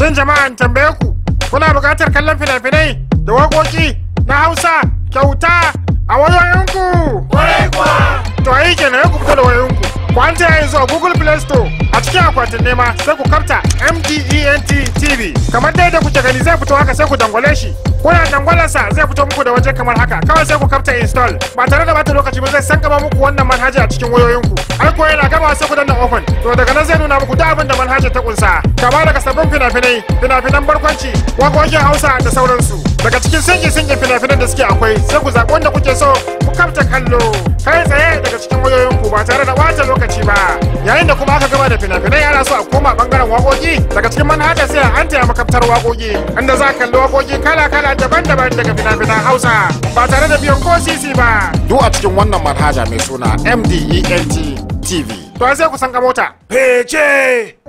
Shin jama'an tambaye ku kuna buƙatar kallon fina-finai da waƙoƙi na Hausa kyauta a wayoyinku? Kwarai kuwa! To ayi kenan ya ku fito da wayoyinku. ku yanzu a google play store a cikin akwatin nema sai ku karta mdent tv kamar dai da kuke gani zai fito haka sai ku dangwale shi kuna dangwalarsa zai fito muku da waje kamar haka kawai sai ku kafta install ba tare da bata lokaci ba zai san gaba muku wannan manhaja a cikin wayoyinku har ko yana gaba sai ku danna open to daga nan zai nuna muku duk abin da manhaji ta kunsa kama daga sabbin fina-finai fina-finan barkwanci wakokin hausa da sauransu daga cikin singe-singe fina-finan da suke akwai sai ku zaɓi wanda kuke so ku karta kallo kai tsaye daga cikin wayoyinku ba tare da bata lokaci lokaci ba yayin da kuma aka gama da fina-finai ana so a koma bangaren wakoki daga cikin manhajar sai an taya makaftar wakoki inda za a kalli wakoki kala-kala daban-daban daga fina-finan hausa ba tare da biyan ko sisi ba duk a cikin wannan manhaja mai suna mdent tv to sai ku san ka mota fece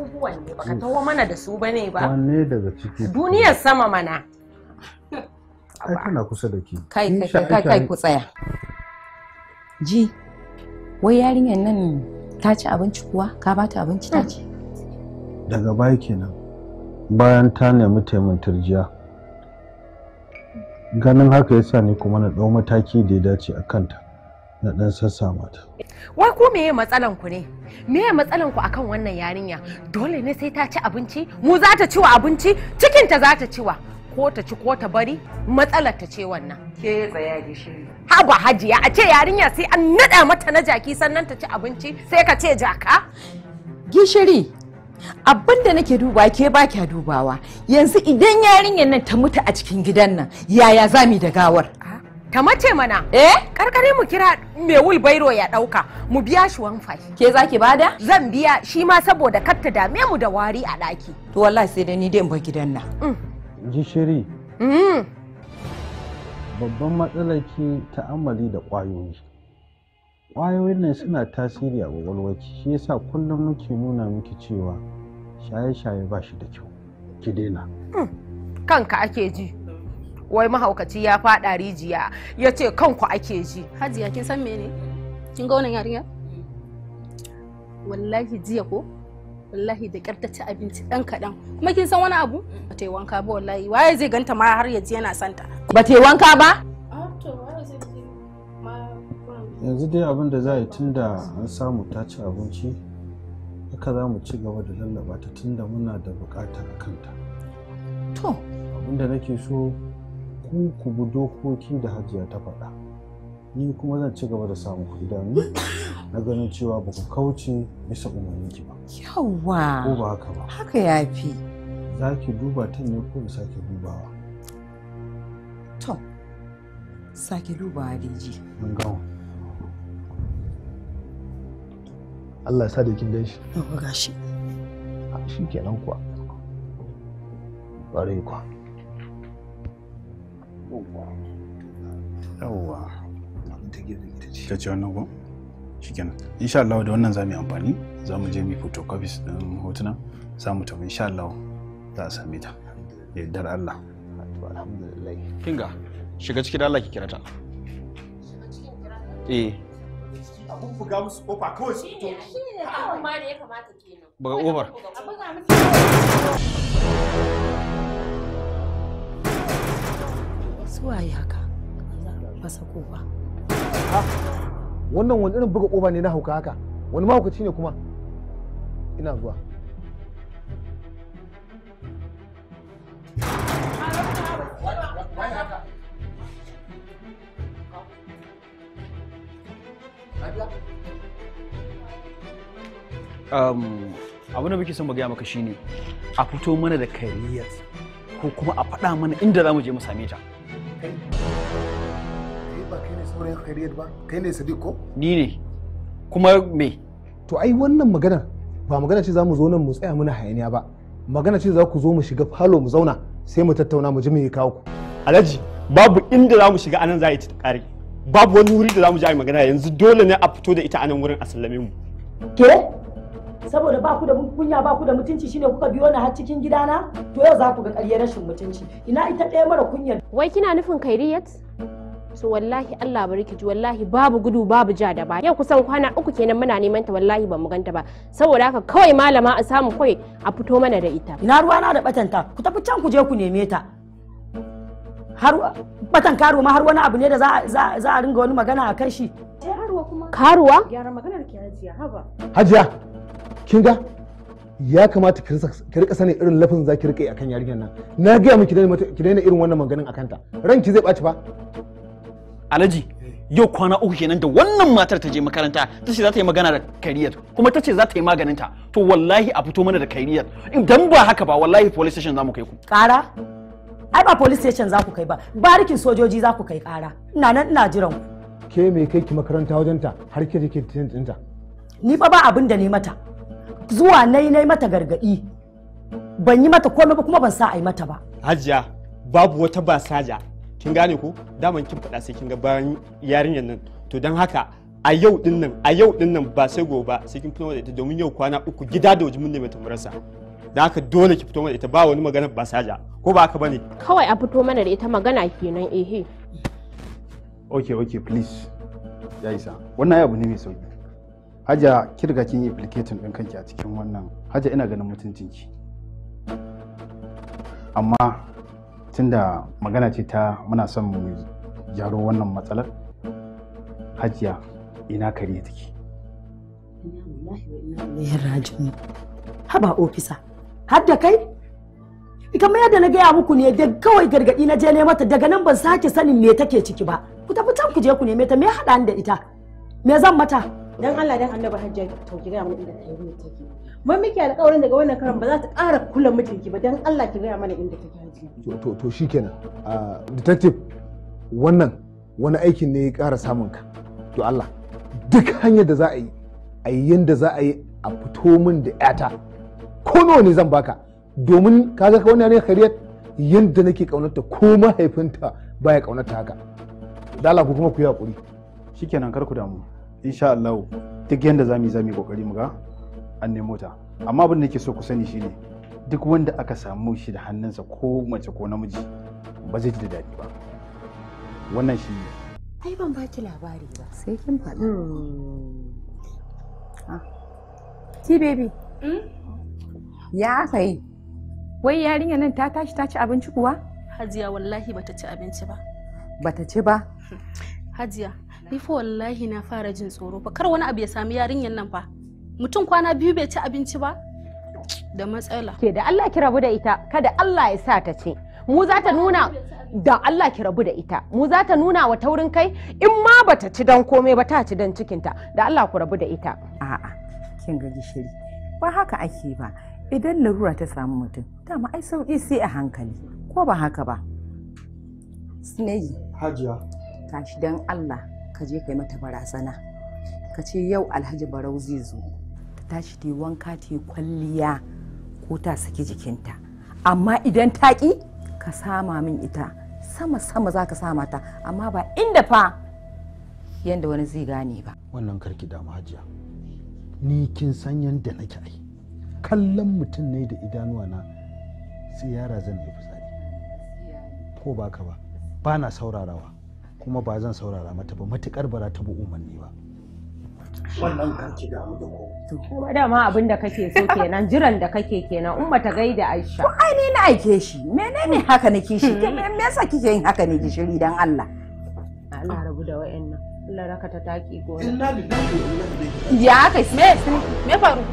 baka taho mana da su bane ba wanne daga ciki duniyar sama mana ai kusa da kai kai kai ku tsaya ji wai yarinyar nan ta abinci kuwa ka ba ta abinci ta daga baya kenan bayan ta nemi taimun turjiya ganin haka yasa ni kuma na ɗau mataki da ya dace a kanta na ɗan sassa mata wai ko meye matsalan ku ne meye matsalan ku akan wannan yarinya dole ne sai ta ci abinci mu za ta ciwa abinci cikinta za ta ciwa ko ta ci ko ta bari matsalar ta ce wannan ke tsaya gishiri haba hajiya a ce yarinya sai an nada mata na jaki sannan ta ci abinci sai ka ce jaka gishiri abin da nake duba ke ba kya dubawa yanzu idan yarinyar nan ta mutu a cikin gidan nan yaya za mu da gawar ah, ta mace mana eh karkare mu kira mai bairo ya dauka mu biya shi wanfa ke zaki bada zan biya shi ma saboda kar ta dame mu da wari a daki to wallahi sai dai ni dai in bar gidan nan mm. gishiri mm-hmm. babban matsalar ta ta'ammali da ƙwayoyi ƙwayoyin nan suna tasiri a ƙwaƙwalwarki shi yasa kullum muke nuna miki cewa shaye-shaye ba shi da kyau ki daina mm. kanka ake ji wai mahaukaci ya faɗa rijiya ya ce kanku ake ji hajiya kin san mene kin ga wannan yarinya wallahi jiya ko wallahi da kyar ta ci abinci dan kaɗan kuma kin san wani abu ba ta yi wanka ba wallahi waye zai ganta ma har yaji yana santa ba ta yi wanka ba yanzu dai abin da za a yi tun da an samu ta ci abinci haka za mu ci gaba da lallaba ta tun da muna da buƙatar kanta to abin da nake so ku ku bi dokoki da hajiya ta faɗa ni kuma zan ci gaba da samun kuɗi da na ganin cewa ba ku kauce bisa umarninki ba. Yawwa! Ko ba haka ba. Haka ya fi. Za ki duba ta ne ko sake dubawa? To, sake dubawa Diji. Mun gawa. Allah ya sa da kin gan shi. Yawwa gashi. Shi kenan kuwa. Ƙwarai kuwa. Yawwa. ta gefen da wannan za mu yi amfani za mu je mu photocopies hotuna za mu tafi insha za a same ta Allah alhamdulillah kinga shiga cikin ki kira ta eh musu kofa kawai su fito ya kamata kenan buga a haka ba sa wannan wani irin buga ƙoba ne na hauka haka wani mahaukaci ne kuma ina zuwa abu da muke son mu gaya maka shine a fito mana da kariyar ko kuma a faɗa mana inda za mu je mu same ta. auren Khairiyat ba kai ne Sadiq ko ni ne kuma me to ai wannan maganar ba magana ce za mu zo nan mu tsaya muna hayaniya ba magana ce za ku zo mu shiga falo mu zauna sai mu tattauna mu ji me ya kawo ku alhaji babu inda za mu shiga anan za a yi ta kare babu wani wuri da za mu ji a magana yanzu dole ne a fito da ita anan wurin a sallame mu ke saboda ba ku da kunya ba ku da mutunci shine kuka biyo ni har cikin gidana to yau za ku ga ƙaryar rashin mutunci ina ita ɗaya mara kunya wai kina nufin kairiyat so wallahi Allah bari ki ji wallahi babu gudu babu ja da baya. yau kusan kwana uku kenan muna neman ta wallahi ban mu ganta ba saboda haka kawai malama a samu kawai a fito mana da ita ina ruwa na da batanta ku tafi can ku je ku neme ta har batan karuwa ma har wani abu ne da za a ringa wani magana a kan shi karuwa gyara maganar ki hajiya haba hajiya kin ga ya kamata ki rika sanin irin lafin za ki rika akan yarinyar nan na gaya miki ki daina irin wannan maganin akanta ranki zai ɓaci ba Alhaji yau kwana uku kenan da wannan matar ta je makaranta ta ce za ta yi magana da kariyar kuma ta ce za ta yi maganinta to wallahi a fito mana da kariyar idan ba haka ba wallahi police station za mu kai ku kara ai ba police station za ku kai ba barikin sojoji za ku kai kara ina nan ina jiran ku ke me kai ki makaranta wajen ta har ke take ta ni fa ba abin da ne mata zuwa nai nai mata gargadi ban yi mata komai ba kuma ban sa ai mata ba hajiya babu wata basaja kin gane ku daman kin faɗa sai kin ga bayan yarinyar nan to don haka a yau din nan a yau din nan ba sai gobe ba sai kin fito da ita domin yau kwana uku gida da waje mun nemi tumurarsa da haka dole ki fito mana ita ba wani magana ba saja ko ba haka bane kawai a fito mana da ita magana kenan ehe okay okay please ya isa wannan abu ne mai sauki haja kirga kin implicating din kanki a cikin wannan haja ina ganin mutuncinki amma tunda magana ce ta muna son mu gyaro wannan matsalar hajiya ina kare take haba ofisa har da kai kamar yadda na gaya muku ne da kawai gargaɗi na je ne mata daga nan ban sake sanin me take ciki ba ku tafi can ku je ku neme ta me haɗa da ita me zan mata dan Allah dan annabi hajjar to ki gaya mana inda tarayyar take mun muke alƙawarin daga wannan karan ba za ta ƙara kula mijinki ba dan Allah ki gaya mana inda take hajji to to shikenan ah, detective wannan wani aikin ne ya ƙara samun ka to Allah duk hanyar da za a yi a yi yanda za a yi a fito min da ƴata ko nawa ne zan baka domin kaga ka wannan ne kariyar yanda nake kaunarta ko mahaifinta baya kaunarta haka dala ku kuma ku yi hakuri shikenan kar ku damu insha Allah duk yanda zamu yi zamu kokari mu ga an nemo ta amma abin da nake so ku sani shine duk wanda aka samu shi da hannunsa ko mace ko namiji ba zai ji da daɗi ba wannan shi ne ai ban baki labari ba sai kin faɗi ti mm. ah. baby mm? ya aka wai yarinya nan ta tashi ta ci abinci kuwa hajiya wallahi bata ci abinci ba bata ci ba hajiya ni fa wallahi na fara jin tsoro fa kar wani abu ya sami yarinyar nan fa mutum kwana biyu bai ci abinci ba da matsala ke da Allah ki rabu da ita kada Allah ya sa ta ce mu za ta nuna da Allah ki rabu da ita mu za ta nuna wa taurin kai in ma bata ci dan komai ba ta ci dan cikinta da Allah ku rabu da ita a'a kin ga gishiri ba haka ake ba idan larura ta samu mutum dama ai sauki sai a hankali ko ba haka ba Snayi. Hajiya. Tashi don Allah ka je ka mata barazana ka ce yau alhaji barau zai zo ta tashi ta yi wanka ta yi kwalliya ko ta saki jikinta amma idan ta ƙi ka sama min ita sama sama za ka sama ta amma ba inda fa yadda wani zai gane ba wannan karki damu hajiya ni kin san yadda nake ai kallon mutum ne da idanuwa na sai yara zan yi fitsari ko baka ba ba na saurarawa kuma ba zan saurara mata ba matukar ba za ta bi umarni ba wannan kan ki damu da ko kuma dama abin da kake so kenan jiran da kake kenan umma ta gaida Aisha ko ai ni na aike shi menene haka nake shi me yasa kike yin haka ne gishiri dan Allah Allah rabu da wayannan Allah raka ta taki gona inna lillahi wa inna ilaihi ya kai me me faru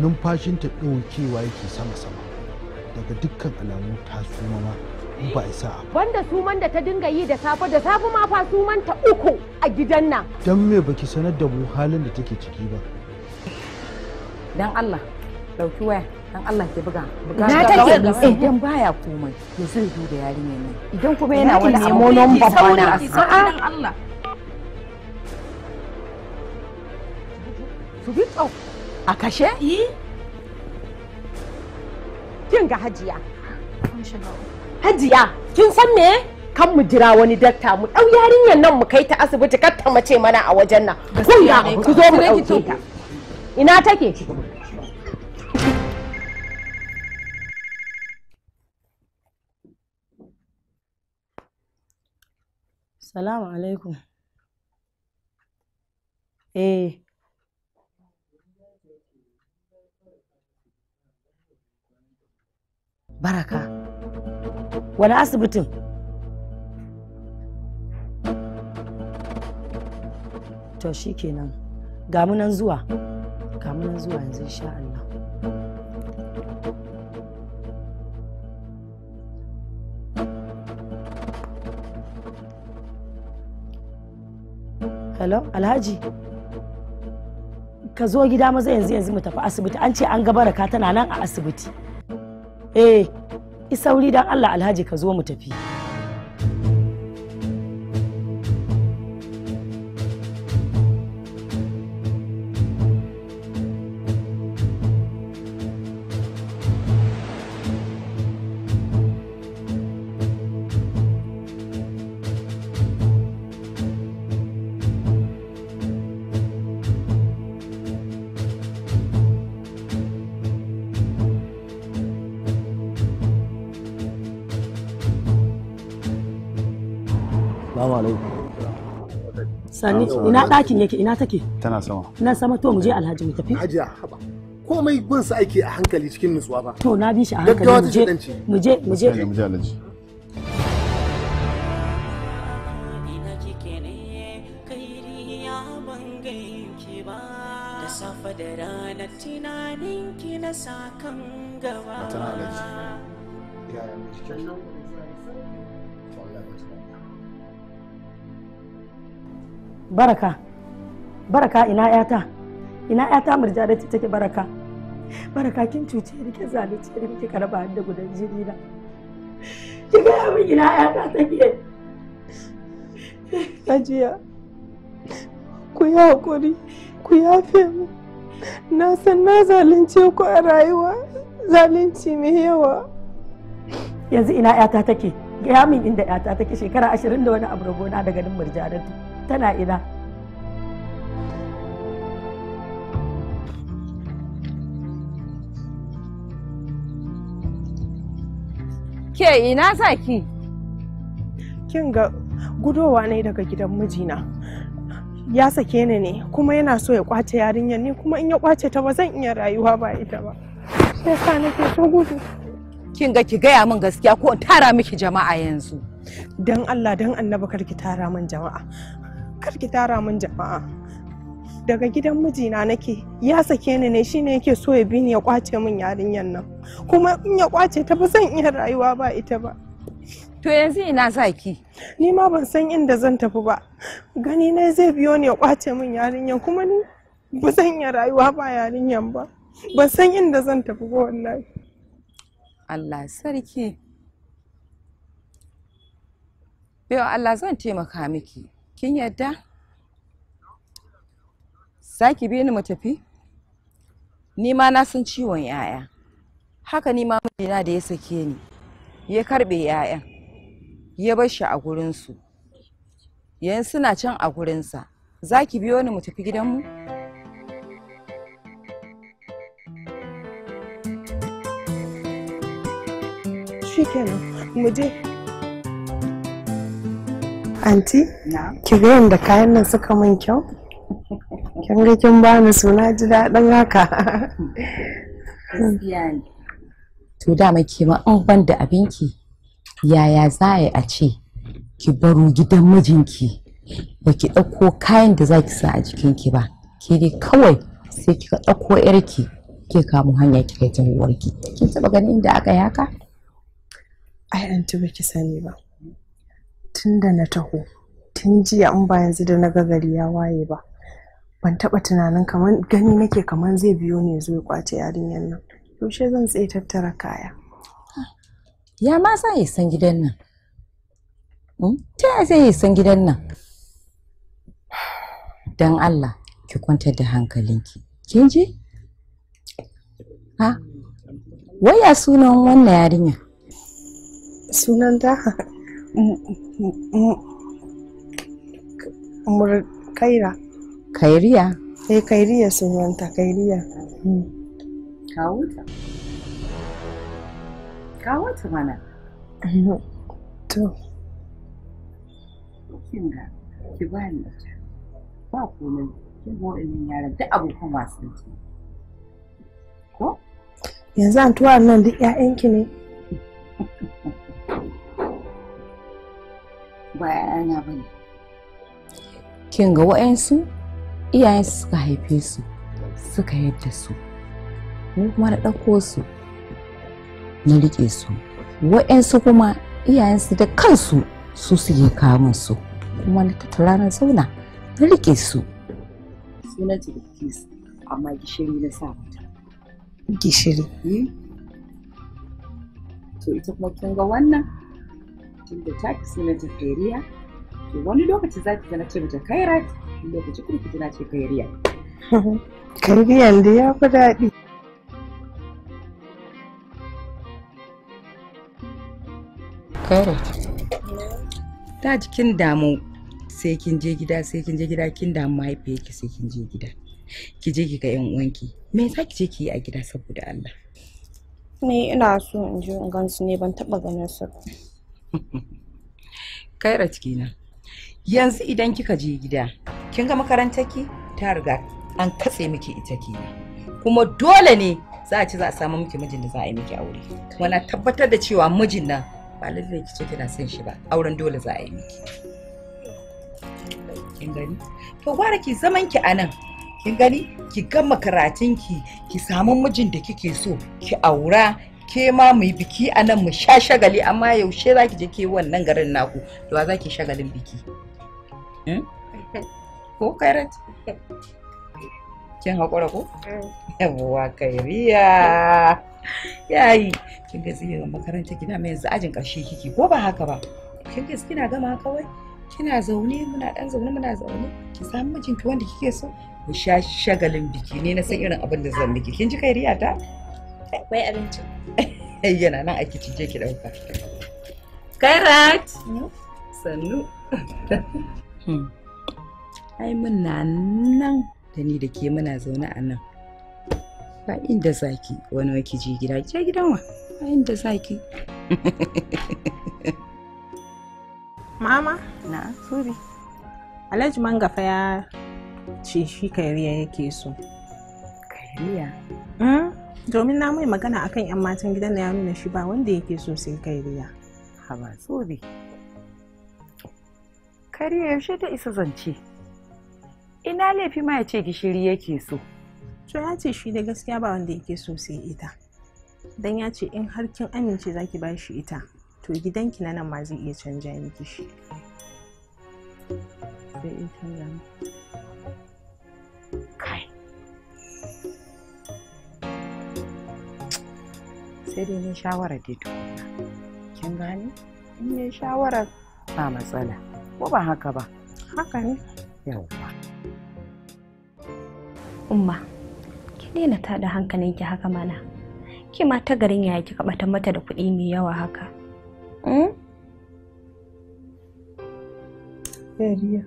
numfashin ta daukewa yake sama sama daga dukkan alamu ta suma ma ba isa banda suman da ta dinga yi da safe da safe ma fa suman ta uku a gidan nan dan me baki sanar da mu halin da take ciki ba dan Allah dauki waya dan Allah ke buga buga na sai dan baya komai ya zai da yarinya ne idan kuma yana wani nemo number ba na a'a Allah su bi tsau a kashe? yi kin ga hajiya hajiya kin san me kan mu jira wani dakta mu dau yarinyar nan mu kai ta asibiti kar ta mace mana a wajen nan kunga ku zo mu dauke ta ina take Salamu alaikum. Eh. Baraka. wani asibitin to shi kenan ga nan zuwa ga nan zuwa yanzu insha Allah hello alhaji ka zo gida maza yanzu yanzu mu tafi asibiti an ce an gabaraka tana nan a asibiti eh Isauri dan Allah Alhaji ka zo mu tafi. ina ɗakin yake ina take tana sama nan sama to mu je alhaji mu tafi hajiya haba komai bin sa aiki a hankali cikin nutsuwa ba to na bi shi a hankali mu je mu je mu je alhaji safa da rana tunanin ki na sakan gaba. baraka baraka ina yata ina yata ta take baraka baraka kin cuce ni kin zalunci ni kin karba da gudan jini na ki ga min ina yata take ajiya ku yi hakuri ku yafe mu na san na zalunce ku a rayuwa zalunci mai yawa yanzu ina yata take ga min inda yata take shekara ashirin da wani abu daga nan ta. tana ina ke ina sa kin ga gudowa ne daga gidan mijina ya sake ni ne kuma yana so ya kwace yarinyar ni kuma in ya kwace ta ba zan iya rayuwa ba ita ba shi yasa nake so gudu kin ga ki gaya min gaskiya ko in tara miki jama'a yanzu dan Allah dan annabi kar ki tara min jama'a kar ki tara min jama'a daga gidan mijina nake ya sake ni ne shine yake so ya bi ni ya kwace min yarinyar nan kuma in ya kwace ta ba zan iya rayuwa ba ita ba to yanzu ina ki. ni ma ban san inda zan tafi ba gani ne zai biyo ni ya kwace min yarinyar kuma ni ba zan iya rayuwa ba yarinyar ba ban san inda zan tafi ba wallahi Allah sarki Yau Allah zan taimaka miki kin yadda saki bi ni mu tafi ni ma na san ciwon yaya haka ni ma mijina da ya sake ni ya karbe yayan ya bar shi a gurin su yanzu suna can a gurinsa zaki biyo ni mu tafi gidan mu shikenan mu je anti ki ga kayan nan suka mun kyau kin ga kin bani suna ji daɗin haka to dama ke ma an ban da abinki yaya za a yi a ce ki baro gidan mijinki ba ki ɗauko kayan da za ki sa a ki ba ke dai kawai sai kika ɗauko yarki ke kamo hanya ki kai uwarki kin taɓa ganin da aka yi haka ai an ba ki sani ba tun da na taho tun jiya in ba yanzu da na gari ya waye ba ban taba tunanin kamar gani nake kamar zai biyo ne zo ya kwace yarinyar nan yaushe zan tsaye tattara kaya ya ma sa ya san gidan nan hmm? ta ya zai san gidan nan don allah ki kwantar da hankalinki kin ji ha waya sunan wannan yarinya sunan da kaira kairiya eh kairiya sunanta kairiya hmm. kawo ta kawo ta mana to kin ga ki ba ni ba komai kin ga wa'annan yaran duk abokan wasan ki ko yanzu an tuwa nan duk 'ya'yanki ne ba yana ba ne kin ga wa'yansu iyayen suka haife su suka yadda su mu kuma na ɗauko su na riƙe su wa'yansu kuma iyayensu da kansu su suke kawo su kuma na tattara na zauna na riƙe su sunan ta su amma gishiri na sa mata gishiri hmm? to ita kuma kin ga wannan tun da ta fi sunan ta kairiya to wani lokaci za ki zana ce mata kairat wani lokaci kuma ki zana ce kairiya kairiyan da ya fi daɗi kairat ta jikin damu sai kin je gida sai kin je gida kin damu mahaifiyarki sai kin je gida ki je ki ga yan uwanki me za ki je ki yi a gida saboda Allah ni ina so in je in gan su ne ban taba ganin su kaira kenan yanzu idan kika je gida kin ga makarantaki ta riga an katse miki ita kenan kuma dole ne za a ci za a samu miki mijin da za a yi miki aure kuma na tabbatar da cewa mijin nan ba lallai ki so kina son shi ba auren dole za a yi miki kin gani to gwara ki zaman ki anan kin gani ki gama karatun ki ki samu mijin da kike so ki aura ke ma mu biki a nan mu sha shagali amma yaushe za ki je ke wannan garin naku da za ki shagalin biki eh? ko kairat kin haƙura ko eh. yawwa kairiya yayi kin ga tsirin makaranta gida mai yanzu ajin ƙarshe kiki ko ba haka ba kin ga kina gama kawai kina zaune muna dan zaune muna zaune ki samu mijinki wanda kike so mu sha shagalin biki ne na san irin abin da zan miki kin ji kairiya ta gefe akwai abinci yana nan a kici je ki dauka kairat hmm? sannu hmm. ai muna nan da ni da ke muna zaune a nan ba inda zaki wani waki je gida je gidan wa ba inda zaki mama na sorry alhaji mangafa ya ce shi kariya yake so kariya Hmm? domin na mai magana akan 'yan matan gidan na ya nuna shi ba wanda yake so sai kai riya so bi kariya yaushe ta isa zance ina laifi ma ya ce gishiri yake so to ya ce shi da gaskiya ba wanda yake so sai ita dan ya ce in har kin amince zaki ba shi ita to gidanki na nan ma zai iya canja miki shi kai sai dai ne shawarar dai tukuna kin gane in ne shawarar ba matsala ko ba haka ba haka ne yawwa umma ki daina tada ki haka mana ki ma ta garin yaya kika bata mata da kuɗi mai yawa haka hmm? Yariya,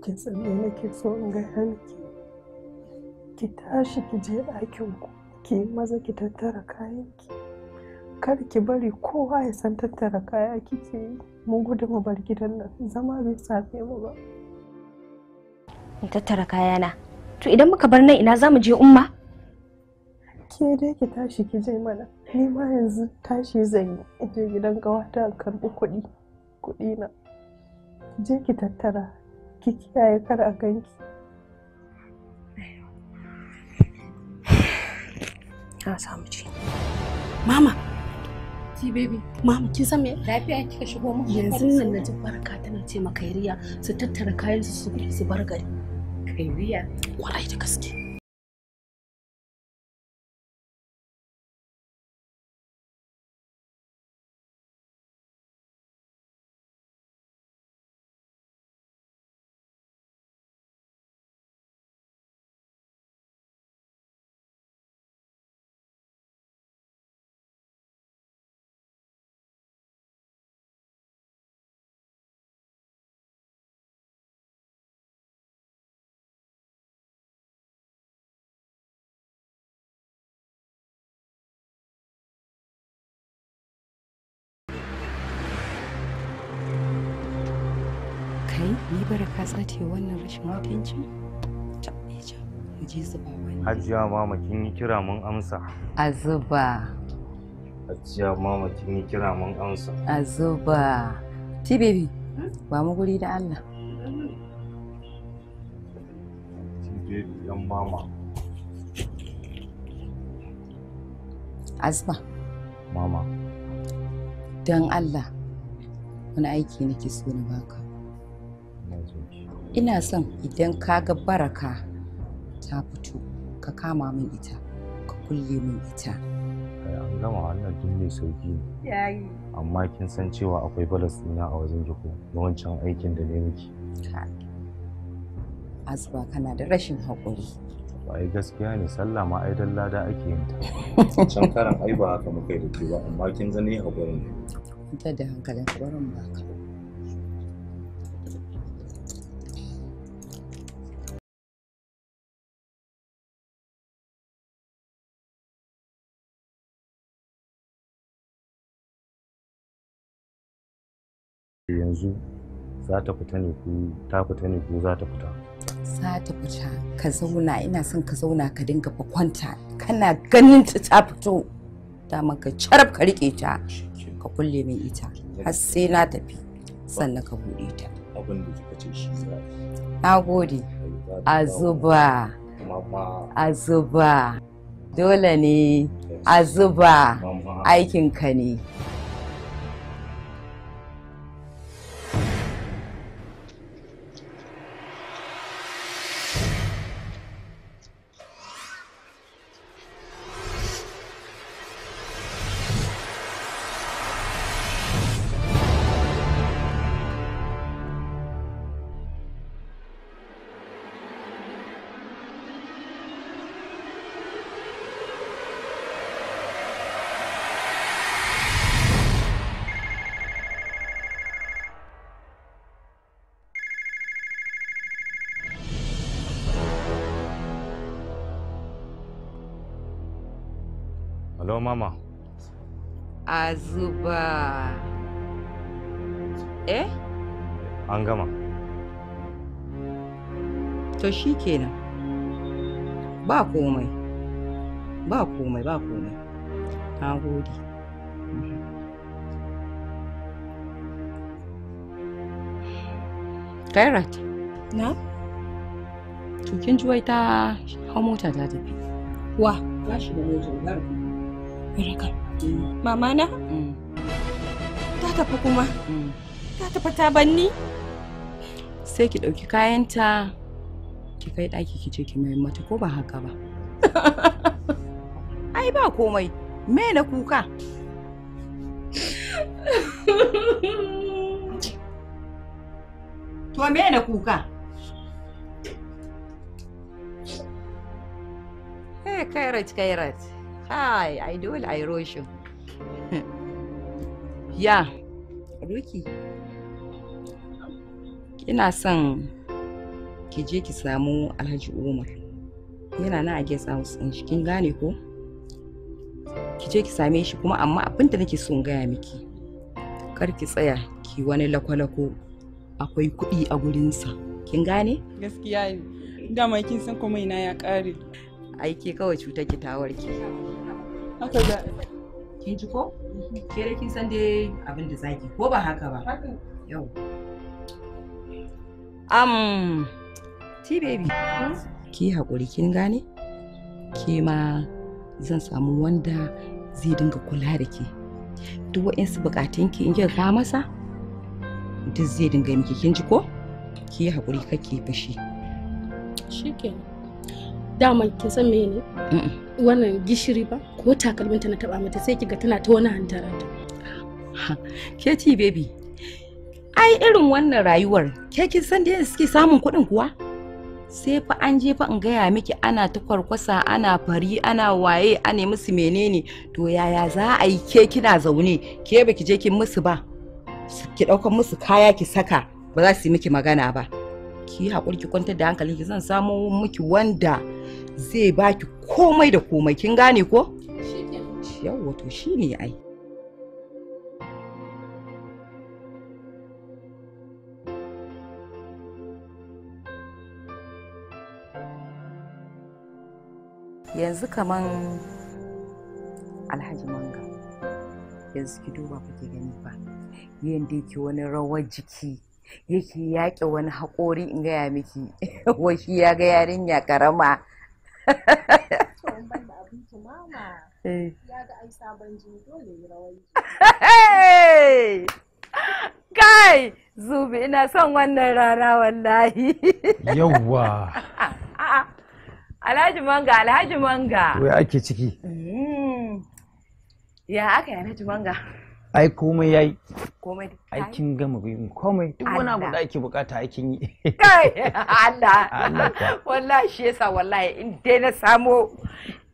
ki tsaye nake so in ga hanki, ki tashi ki je ɗakin ku. ki yi maza ki tattara kayanki kar ki bari kowa ya san tattara kaya kike yi mun gudu mu bar gidan nan zama bai safe mu ba in tattara kayana to idan muka bar nan ina za mu je umma ke dai ki tashi ki je mana ni ma yanzu tashi zan yi je gidan gawata ta karbi kuɗi kuɗi na je ki tattara ki kiyaye kar a ganki a samu ciki mama ki baby mama kin san me lafiya kika shigo yanzun yanzu nan na ji barka tana ce maka riya su tattara kayan su su bar gari kai riya kwarai da gaske Ni baraka za ta wannan rashin mutuncin? Ta ja, mu je zuba Hajiya mama kin yi kira mun amsa. A zuba. Hajiya mama kin yi kira mun amsa. A zuba. Ti baby, ba mu guri da Allah. Ti baby yan mama. Azba. Mama. Don Allah, wani aiki nake so na baka. ina son idan ka ga baraka ta fito ka kama min ita ka kulle min ita an gama wannan tun mai sauki ne amma kin san cewa akwai balas ɗina a wajen jiko yawancin aikin da ne miki azuba kana da rashin haƙuri ai gaskiya ne sallah ma ai dan lada ake yin ta can karan ai ba haka muka yi da ke ba amma kin gani haƙuri ne da hankalin barin baka yanzu za ta fita ne ko ta fita ne ko za ta fita za ta fita ka zauna ina son ka zauna ka dinga kwanta kana ganin ta ta fito dama ka carab ka rike ta ka kulle min ita har sai na tafi sannan ka buɗe ta abin da kika ce shi na gode a zuba a zuba dole ne a zuba aikinka ne mama Azuba. eh an gama to shi kenan ba komai ba komai ba komai na gode kairat na tukin juwai ta hau mota ta tafi wa motar da mota Miracle. Mm. Mama na? Mm. Ta tafi kuma. Mm. Ta tafi ta banni. Sai ki ɗauki kayanta ki kai ɗaki ki je ki mai mata ko ba haka ba. Ai ba komai. Me na kuka? To me na kuka? Eh, kairat, kairat. kai ai dole ai roshin ya ruki ina son ki je ki samu alhaji umar yana nan a guest house ɗin shi kin gane ko ki je ki same shi kuma amma abin da nake son gaya miki kar ki tsaya ki wani lakwalako akwai kuɗi a gurinsa kin gane gaskiya ne dama kin san kuma ina ya ƙare aiki kawai cutar ki ta warke haka za kin ji ko mhm. ke da kin san dai abin da zaki ko ba haka ba yau am ti baby hmm? ki haƙuri kin gane ke ma zan samu wanda zai dinga kula da ke duk waɗansu bukatun buƙatunki in kika kawo masa duk zai dinga miki kin ji ko ki haƙuri kake fashi shikenan daman kin san me ne wannan gishiri ba ko takalminta na taba mata sai kiga tana ta wani hantara ta keti baby ai irin wannan rayuwar ke kin san da suke samun kuɗin kuwa sai fa an je fa in gaya miki ana ta kwarkwasa ana fari ana waye a ne musu menene to yaya za a yi ke kina zaune ke baki je kin musu ba ki ɗaukar musu kaya ki saka ba za su yi miki magana ba ki yi haƙuri ki kwantar da hankali ki zan samo miki wanda zai baki komai da komai kin gane ko yawwa to shine ai yanzu kaman alhaji manga yanzu ki duba kuke gani ba yadda yake wani rawar jiki yake yaƙe wani haƙori in gaya miki wai shi ya ga yarinya karama eh. kai zubi ina son wannan rana wallahi yawwa alhaji manga alhaji manga wai ake ciki mm. ya aka yi alhaji manga ai komai yayi komai ai kin gama yin komai duk wani abu da ake bukata ai kin yi Allah Allah wallahi shi yasa wallahi in dai na samo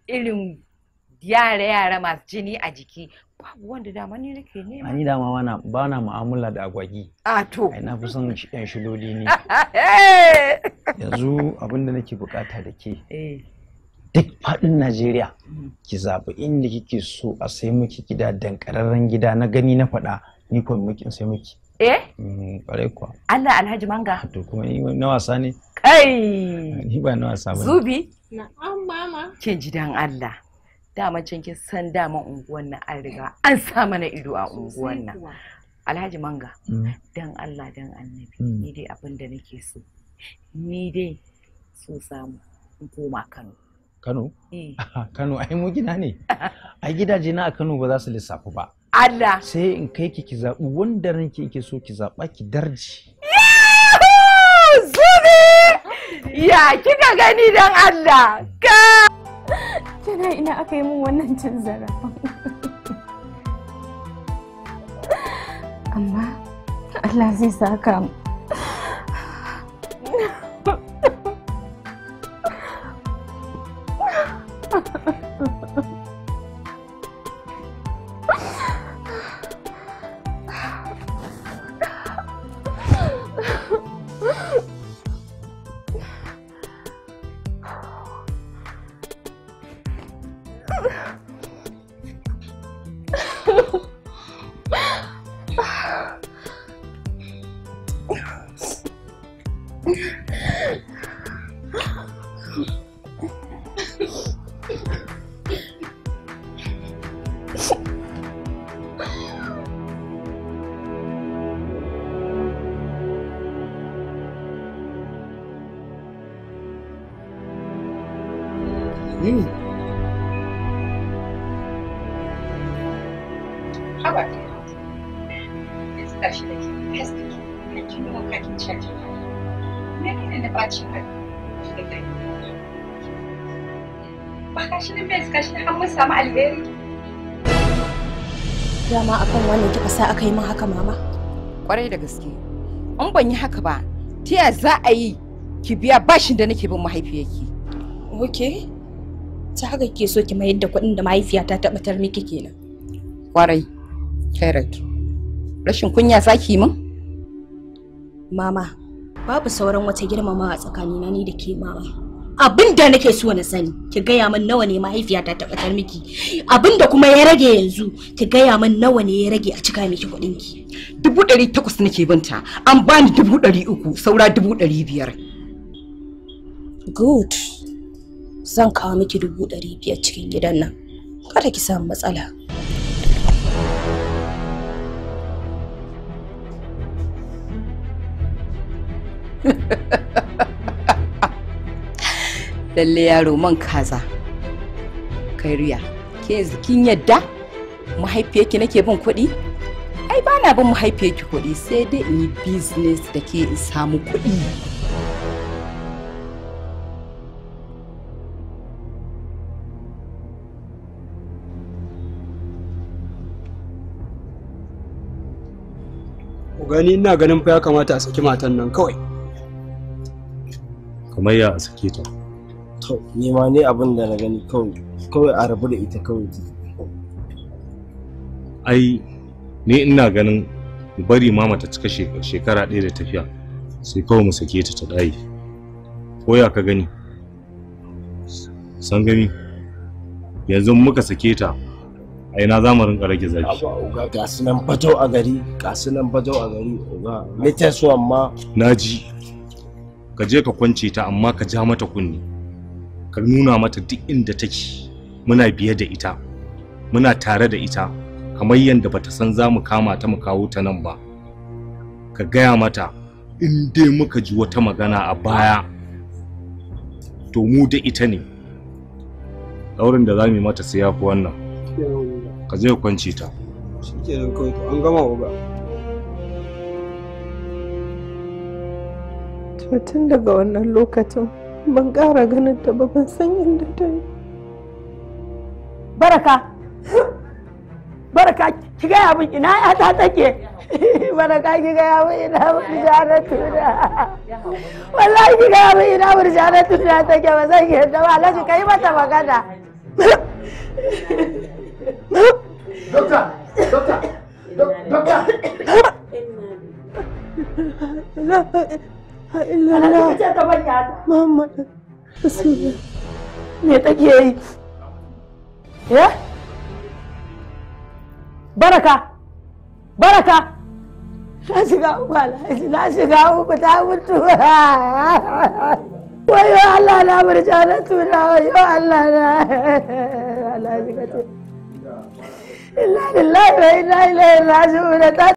irin yara yara masu jini a jiki babu wanda dama ni nake nema ni dama wana ba na mu'amala da agwagi a to ai na fi son shi yan shiloli ne yanzu abinda nake bukata da ke eh duk faɗin Najeriya mm. ki zaɓi inda kike so a sai miki gida dankararren gida na gani na faɗa ni ko miki sai miki eh mm, ƙwarai kuwa Allah Alhaji Manga to kuma ni na wasa ne kai ni ba na wasa ba zubi na'am mama kin ji dan Allah dama can kin san dama unguwan nan an riga an sa mana ido a unguwan nan Alhaji Manga mm. dan Allah dan Annabi ni dai abin da nake so ni dai so samu in koma Kano Kano? Eh. Kano ai mu gina ne. a gidaje na a Kano ba za su lissafu ba. Allah. Sai in kai ki ki zaɓi wanda ranki yake so ki zaɓa ki darji. Zubi! Ya kika gani don Allah. Ka! Tana ina aka yi mun wannan cin zarafin. Amma Allah zai saka mu. haba ta yanzu ga shi da ke haske ki na kin kuma ka kin caji me ne na bacin rai da kai ba ka shi ne bai ka shi har mun samu alheri dama akan wannan kika sa aka yi min haka mama kwarai da gaske in ban yi haka ba ta ya za a yi ki biya bashin da nake bin mahaifiyarki ok ta haka ke so ki mayar da kuɗin da mahaifiyata ta batar miki kenan kwarai Kairat, rashin kunya saki min? Mama, babu sauran wata girmama a tsakanina ni da ke mama. Abin da nake so na sani, ki gaya min nawa ne mahaifiyata ta ɓatar miki. Abin da kuma ya rage yanzu, ki gaya min nawa ne ya rage a cika miki kuɗin ki. Dubu ɗari takwas nake binta, an bani dubu ɗari uku, saura dubu ɗari biyar. Good. Zan kawo miki dubu ɗari biyar cikin gidan nan. Kada ki samu matsala. lalle yaro man kaza kai riya ke yanzu kin yadda mahaifiyarki nake bin kuɗi ai ba na bin mahaifiyarki kuɗi sai dai in yi business da ke in samu kuɗi gani ina ganin fa ya kamata a saki matan nan kawai kamar ya a sake ta to nema ne abin da na gani kawai kawai a rabu da ita kawai ai ni ina ganin mu bari mama ta cika shekara ɗaya da tafiya sai kawai mu sake ta ta ɗaye ko ya ka gani san gani yanzu muka sake ta a ina zamarin mu rage zafi. Uga ga su nan fato a gari, ga su nan fato a gari, uga. Latest ma. Na ji. ka je ka kwance ta amma ka ja mata kunni ka nuna mata duk inda take muna biye da ita muna tare da ita kamar yadda bata san za mu kama ta mu kawo ta nan ba ka gaya mata in dai muka ji wata magana a baya to mu da ita ne daurin da za mu yi mata sai ya fi wannan ka je ka kwance ta shikenan kawai an gama ba ba tun daga wannan lokacin ban ƙara ganin ta ba ban san inda ta yi baraka baraka ki gaya min ina ya ta take baraka ki gaya min ina murjanatu tuna. wallahi ki gaya min ina murjanatu tuna take ba zan yarda ba ka kai mata magana dokta dokta dokta illallah ce ta me yi baraka baraka na shiga uku alhaji na shiga uku ta mutu wayo allah na murja na tuna wayo allah na alhaji ka ce na lillahi wa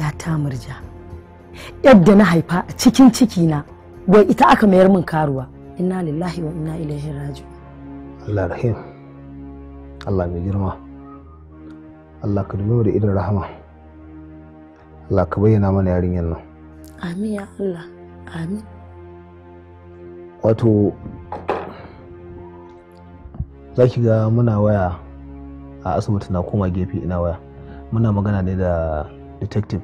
yata murja yadda na haifa a cikin cikina wai ita aka mayar min karuwa inna lillahi wa inna ilaihi raji'un Allah rahim Allah mai girma Allah ka dubi da idan rahama Allah ka bayyana mana yarinyar nan amin ya Allah amin wato za ki ga muna waya a asibiti na koma gefe ina waya muna magana ne da detective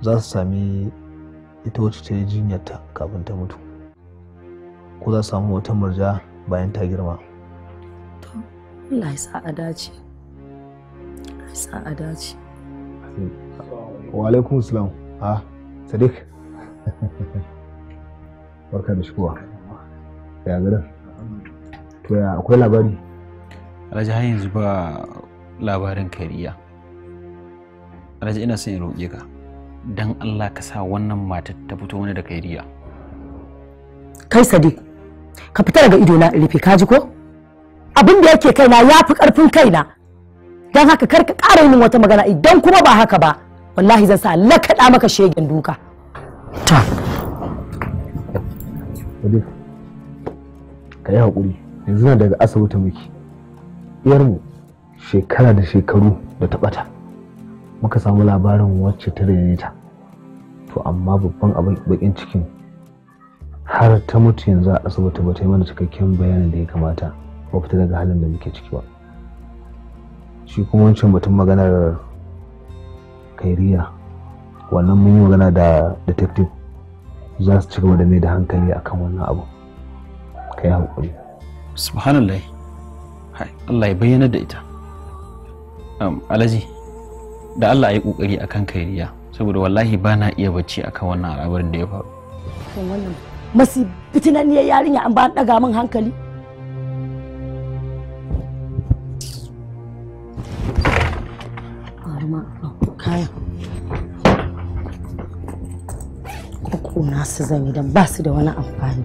za su sami ita wacce ta yi ta kafin ta mutu ko za su samu wata murja bayan ta girma to Allah ya sa a dace ya sa a dace wa alaikum salam ha sadiq barka da shukuwa ya garin to ya akwai labari alhaji har yanzu ba labarin kariya alhaji ina son in roƙe ka dan Allah ka sa wannan matar ta fito wani da kai kai sadiq ka fita daga ido na rufe ka ji ko abin da yake kaina ya fi ƙarfin kaina dan haka kar ka ƙara yin wata magana idan kuma ba haka ba wallahi zan sa lakaɗa maka shegen duka ta ka yi haƙuri yanzu na daga asibiti muke iyarmu shekara da shekaru da ta ɓata muka samu labarin wacce ta ta to amma babban abin bakin cikin har ta mutu yanzu a asibiti ba ta yi mana cikakken bayanin da ya kamata ba fita daga halin da muke ciki ba shi kuma wancan mutum maganar kairiya wannan mun yi magana da detective za su cigaba da mai da hankali akan wannan abu ka yi haƙuri subhanallah Allah ya bayyana da ita alhaji da Allah ya yi kokari akan kairiya saboda wallahi ba na iya bacci akan wannan al'amarin da ya faru kan wannan yarinya an ba ɗaga min hankali kayan zan idan ba su da wani amfani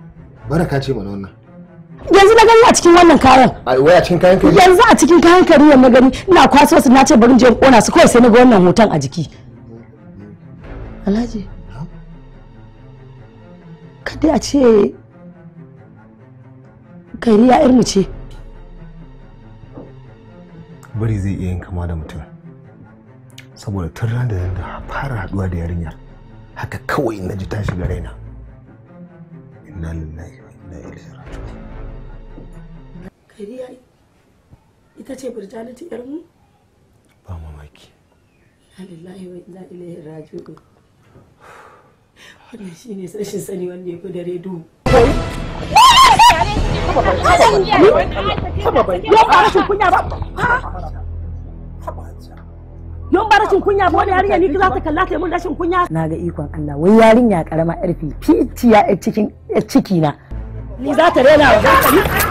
baraka ce mana wannan yanzu na gani a cikin wannan kayan ai waya cikin kayan kari yanzu a cikin kayan kari na gani ina kwaso su na ce bari je in kona su kai sai na ga wannan hoton a jiki alhaji kada a ce kari ya irmu ce bari zai iya yin kama da mutum saboda tun ran da na fara haduwa da yarinyar haka kawai na ji tashi ga raina inna lillahi gari yayi ita ce ba mamaki wa wannan sani wanda ya ba rashin kunya ba wani yarinya ni za ta kalla ta mun rashin kunya. Na ga ikon Allah wai yarinya karama yarfi fitiya cikin cikina. na. Ni za ta rena wa za ta yi.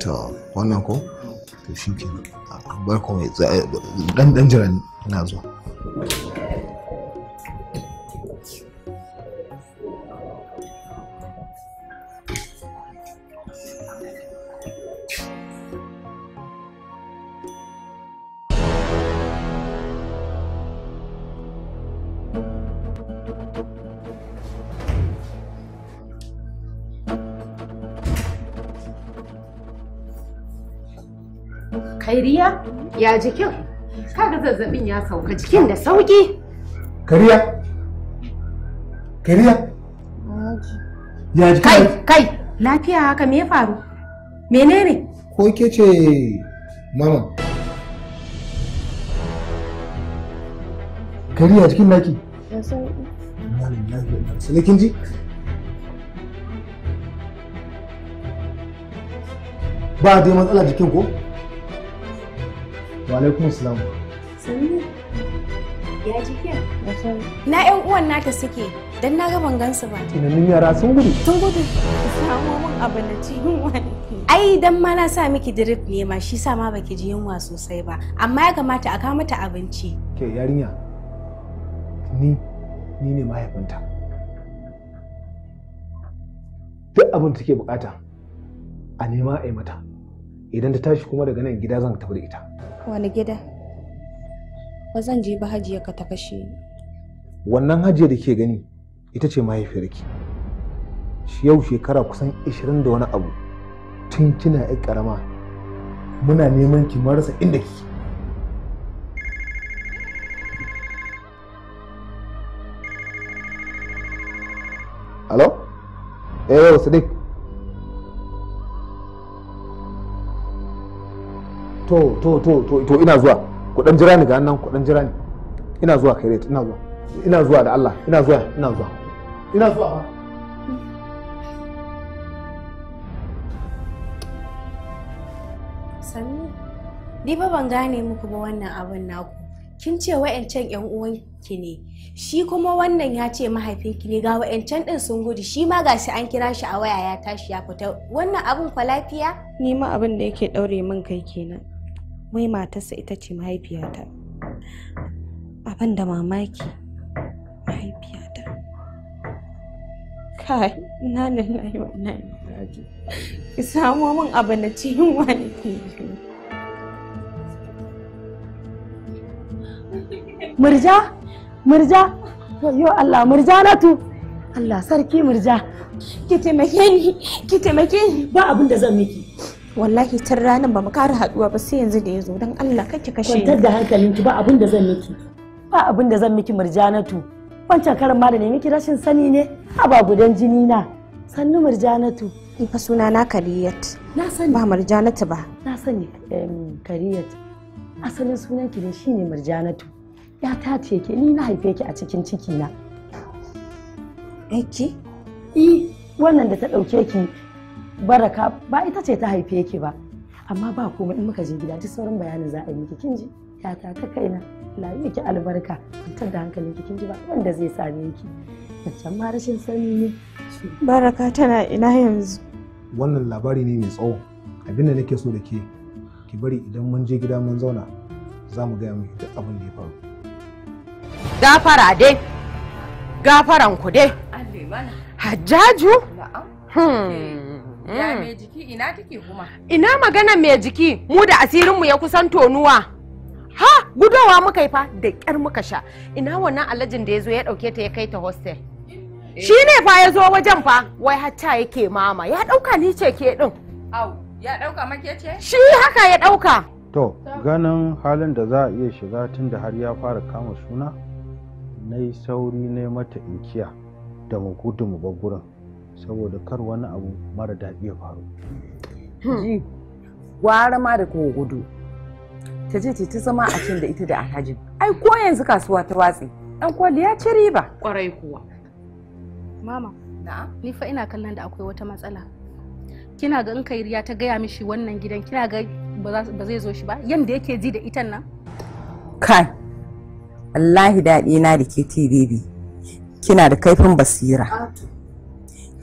to wannan ko to shi ke bar kuma ɗan ɗan zuwa Ya jikin? Kaga zazzabin ya sauka jikin da sauki. Kariya. Kariya. Ya jikin? Kai, kai, lafiya haka me ya faru? Menene? Ko ke ce mama? Kariya jikin naki? Sai kin ji? Ba dai matsala jikin ko? Walaikum salam. Sannu. Ya jikiya? Na ƴan uwan nata suke don na ga ban gansu ba. Tunanin yara sun gudu. Sun gudu. Samo min abu na ci Ai dan ma na sa miki drip ne ma shi sa ma baki ji yunwa sosai ba. Amma ya kamata a kawo mata abinci. Ke yarinya. Ni ni ne mahaifinta. Duk abin da take bukata a nema a yi mata. Idan ta tashi kuma daga nan gida zan tafi da ita. Wani gida? Ba zan je ba hajiya ka ta kashe ni. Wannan hajiya da ke gani ita ce mahaifiyarki. Yau shekara kusan 20 da wani abu tun kina ƴar karama muna neman ki marasa inda kike. Hello? Eh, Sadiq. to to to to to ina zuwa ku dan jira ni ga nan ku dan jira ni ina zuwa kai ina zuwa ina zuwa da Allah ina zuwa ina zuwa ina zuwa ba ni ba ban gane muku ba wannan abin naku kin ce wa'ancan yan uwanki ne shi kuma wannan ya ce mahaifinki ne ga wa'ancan din sun gudu shi ma gashi an kira shi a waya ya tashi ya fita wannan abin kwa lafiya ni ma abin da yake daure min kai kenan wai matarsa ita ce mahaifiyata abin da mamaki mahaifiyata kai na yi wannan ki samo min abu na cikin wani ke murja murja yo Allah murja na tu Allah sarki murja ki taimake ni ki taimake ni ba abin da zan miki wallahi tun ranar ba mu kara haduwa ba sai yanzu da ya zo don Allah kake kashe ni. da hankalinki ba abin da zan miki. Ba abin da zan miki murjanatu. Wancan karan ma da ne miki rashin sani ne a ba gudan jini na. Sannu murjanatu. Ni fa suna na Kariyat. Na sani. Ba murjanatu ba. Na sani Kariyat. Asalin sunan ki ne shine murjanatu. Ya ta ce ke ni na haife ki a cikin ciki na. ki i wannan da ta ɗauke ki baraka ba ita ce ta haife ki ba amma ba kuma in muka je gida duk sauran bayanin za a yi miki kinji ya ta ka kaina layi ki albarka kwantar da hankalin ki kinji ba wanda zai same ki wancan ma rashin sani ne baraka tana ina yanzu wannan labari ne mai tsawo abin nake so da ke ki bari idan mun je gida mun zauna za mu gaya miki duk abin da ya faru gafara dai gafaran ku dai hajjaju Hmm. Mm. jiki ina kike kuma? Ina magana mai jiki mu da asirinmu ya kusan tonuwa. Ha gudowa muka yi fa da ƙyar muka sha. Ina wannan alajin da ya zo ya ɗauke ta ya kai ta hostel. Eh. Shi ne fa ya zo wajen fa wai hatta yake mama ya ɗauka ni ce ke ɗin. Au ya ɗauka make ce? Shi haka ya ɗauka. To ganin halin da za a iya shiga tun da har ya fara kama suna na yi sauri ne mata inkiya da mu gudu mu bar gurin. saboda kar wani abu mara daɗi ya faru hmm. gwara ma da kowa gudu ta ce ta zama a can da ita da alhaji ai ko yanzu kasuwa ta watsi Ɗan kwali ya ci riba Ƙwarai kuwa mama ni fa ina kallon da akwai wata matsala kina ga in riya ta gaya mishi wannan gidan kina ga ba zai zo shi ba yanda yake ji da itan nan kai wallahi daɗi na da ke kina da kaifin basira ah,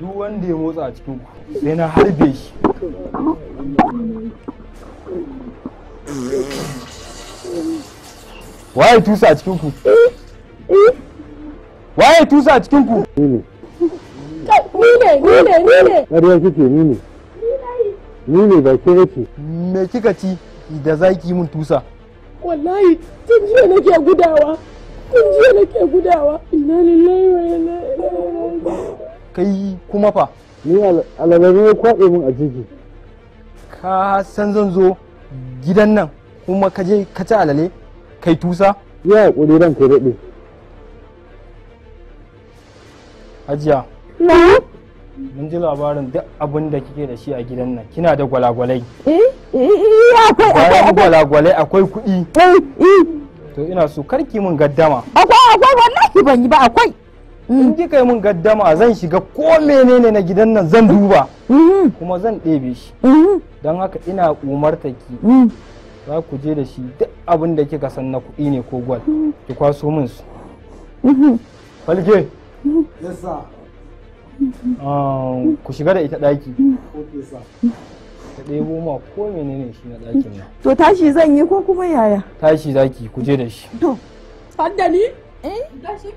duk wanda ya motsa a cikin ku sai na harbe shi waye tusa a cikin ku waye tusa a cikin ku ni ne ni ne ni ne ƙarya kike ni ne ni ne ba ke yake me kika ci da zaki mun tusa wallahi tun jiya nake gudawa jiya nake gudawa inna lillahi wa inna ilaihi kai kuma fa ni alalari ya kwaɗe min a jiki ka san zan zo gidan nan kuma ka je ka ci alale kai tusa ya haƙuri ran ka daɗe hajiya mun ji labarin duk abin da kike da shi a gidan nan kina da gwalagwalai eh? Eh, eh, bayan gwalagwalai akwai kuɗi to ina so karki mun gaddama akwai akwai wallahi ban yi ba akwai in mm. kika kai mun gaddama zan shiga ko menene na gidan nan zan duba mm. kuma zan ɗebe shi mm. don haka ina umarta ki za ku je da shi duk abin da kika san na kuɗi ne ko gwal ki kwaso min su mm-hmm. falke mm-hmm. Ah, ku shiga da ita daki. ɗebo ma ko menene shi na ɗakin nan to tashi zan yi ko kuma yaya tashi zaki ku je da shi to fadda ni eh tashi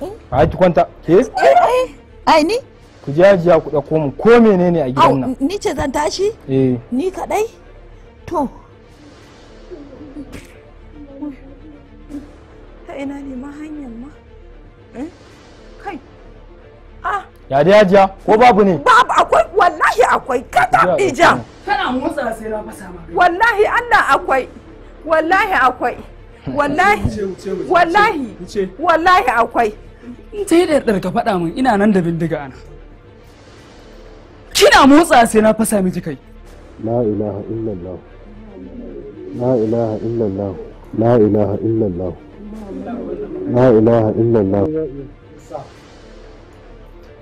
eh ki kwanta ke eh, eh ai ni ku je ajiya ku ɗauko mu ko menene a gidan nan ni ce zan tashi eh ni kadai to ta ina ne ma hanyar ma Eh? kai ah ya da hajiya ko babu ne babu akwai wallahi akwai kada ija kana motsa sai na fasa ma wallahi Allah akwai wallahi akwai wallahi wallahi wallahi akwai sai da ka faɗa min ina nan da bindiga ana kina motsa sai na fasa miki kai la ilaha illallah la ilaha illallah la ilaha illallah la ilaha illallah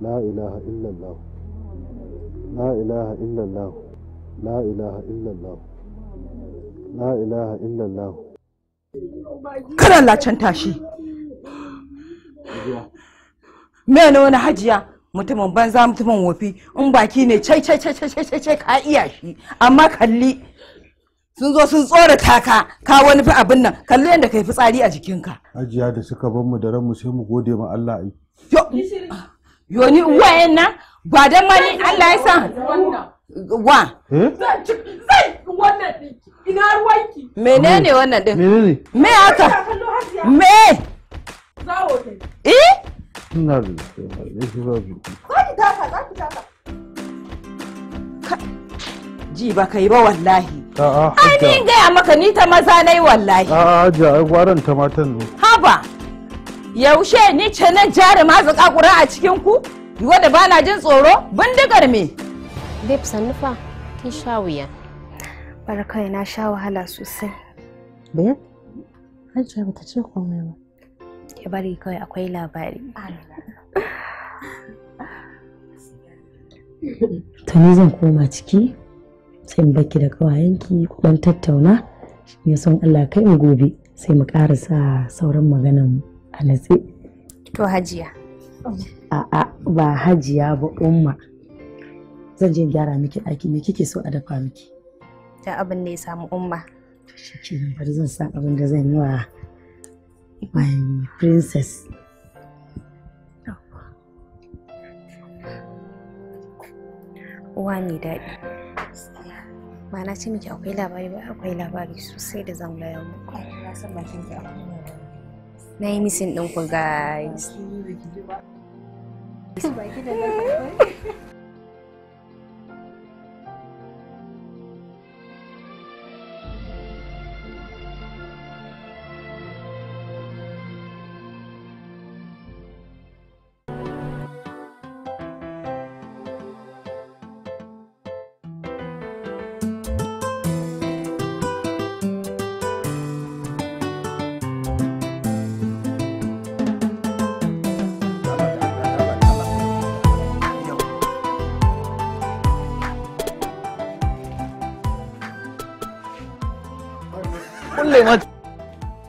la ilaha illallah la ilaha illallah la ilaha illallah la ilaha illallah kada lacen tashi mene wani hajiya mutumin banza mutumin wofi in baki ne cai cai cai cai cai ka iya shi amma kalli sun zo sun tsora taka ka wani fi abin nan kalli yadda kai fitsari a jikinka hajiya da suka ban mu da ranmu sai mu gode ma Allah ai yoni wayan nan ba mani Allah ya san wa hmm? zai wannan ina ruwanki menene hmm. wannan din menene me haka me zawo eh ina da ji ba kai ba wallahi a'a ai ni gaya maka ni ta maza yi wallahi a'a ja ai gwaran ta matan ne haba yaushe ni ce na jari mazuka kura a cikin ku wanda ba na jin tsoro bindigar me babe sannu kin sha wuya barkai na sha wahala sosai babe hajja ba ta ce komai ba ya bari kawai akwai labari tuni zan koma ciki sai mu baki da kawayenki ku dan tattauna ya son Allah kai mu gobe sai mu karasa sauran maganan mu a natse to hajiya a'a ba hajiya ba umma zan je gyara miki ɗaki me kike so a dafa miki ta abin da ya samu umma shi bari zan san abin da zan yi wa my princess uwa mai daɗi ba na ce miki akwai labari ba akwai labari sosai da zan bayar muku na san bakin ki akwai Nainisin nung po, guys.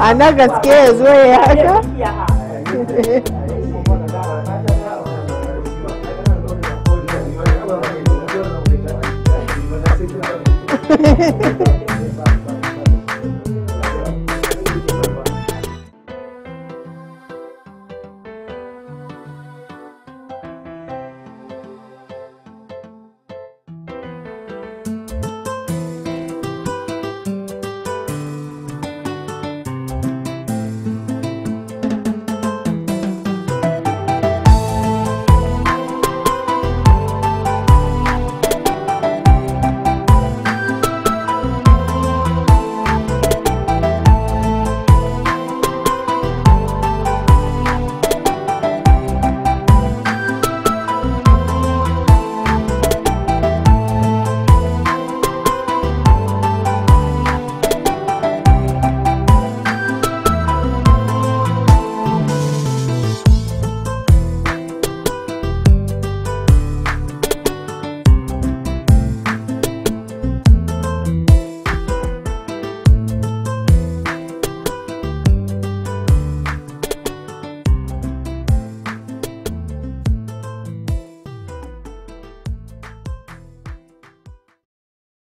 a na gaske ya zo Hehehehe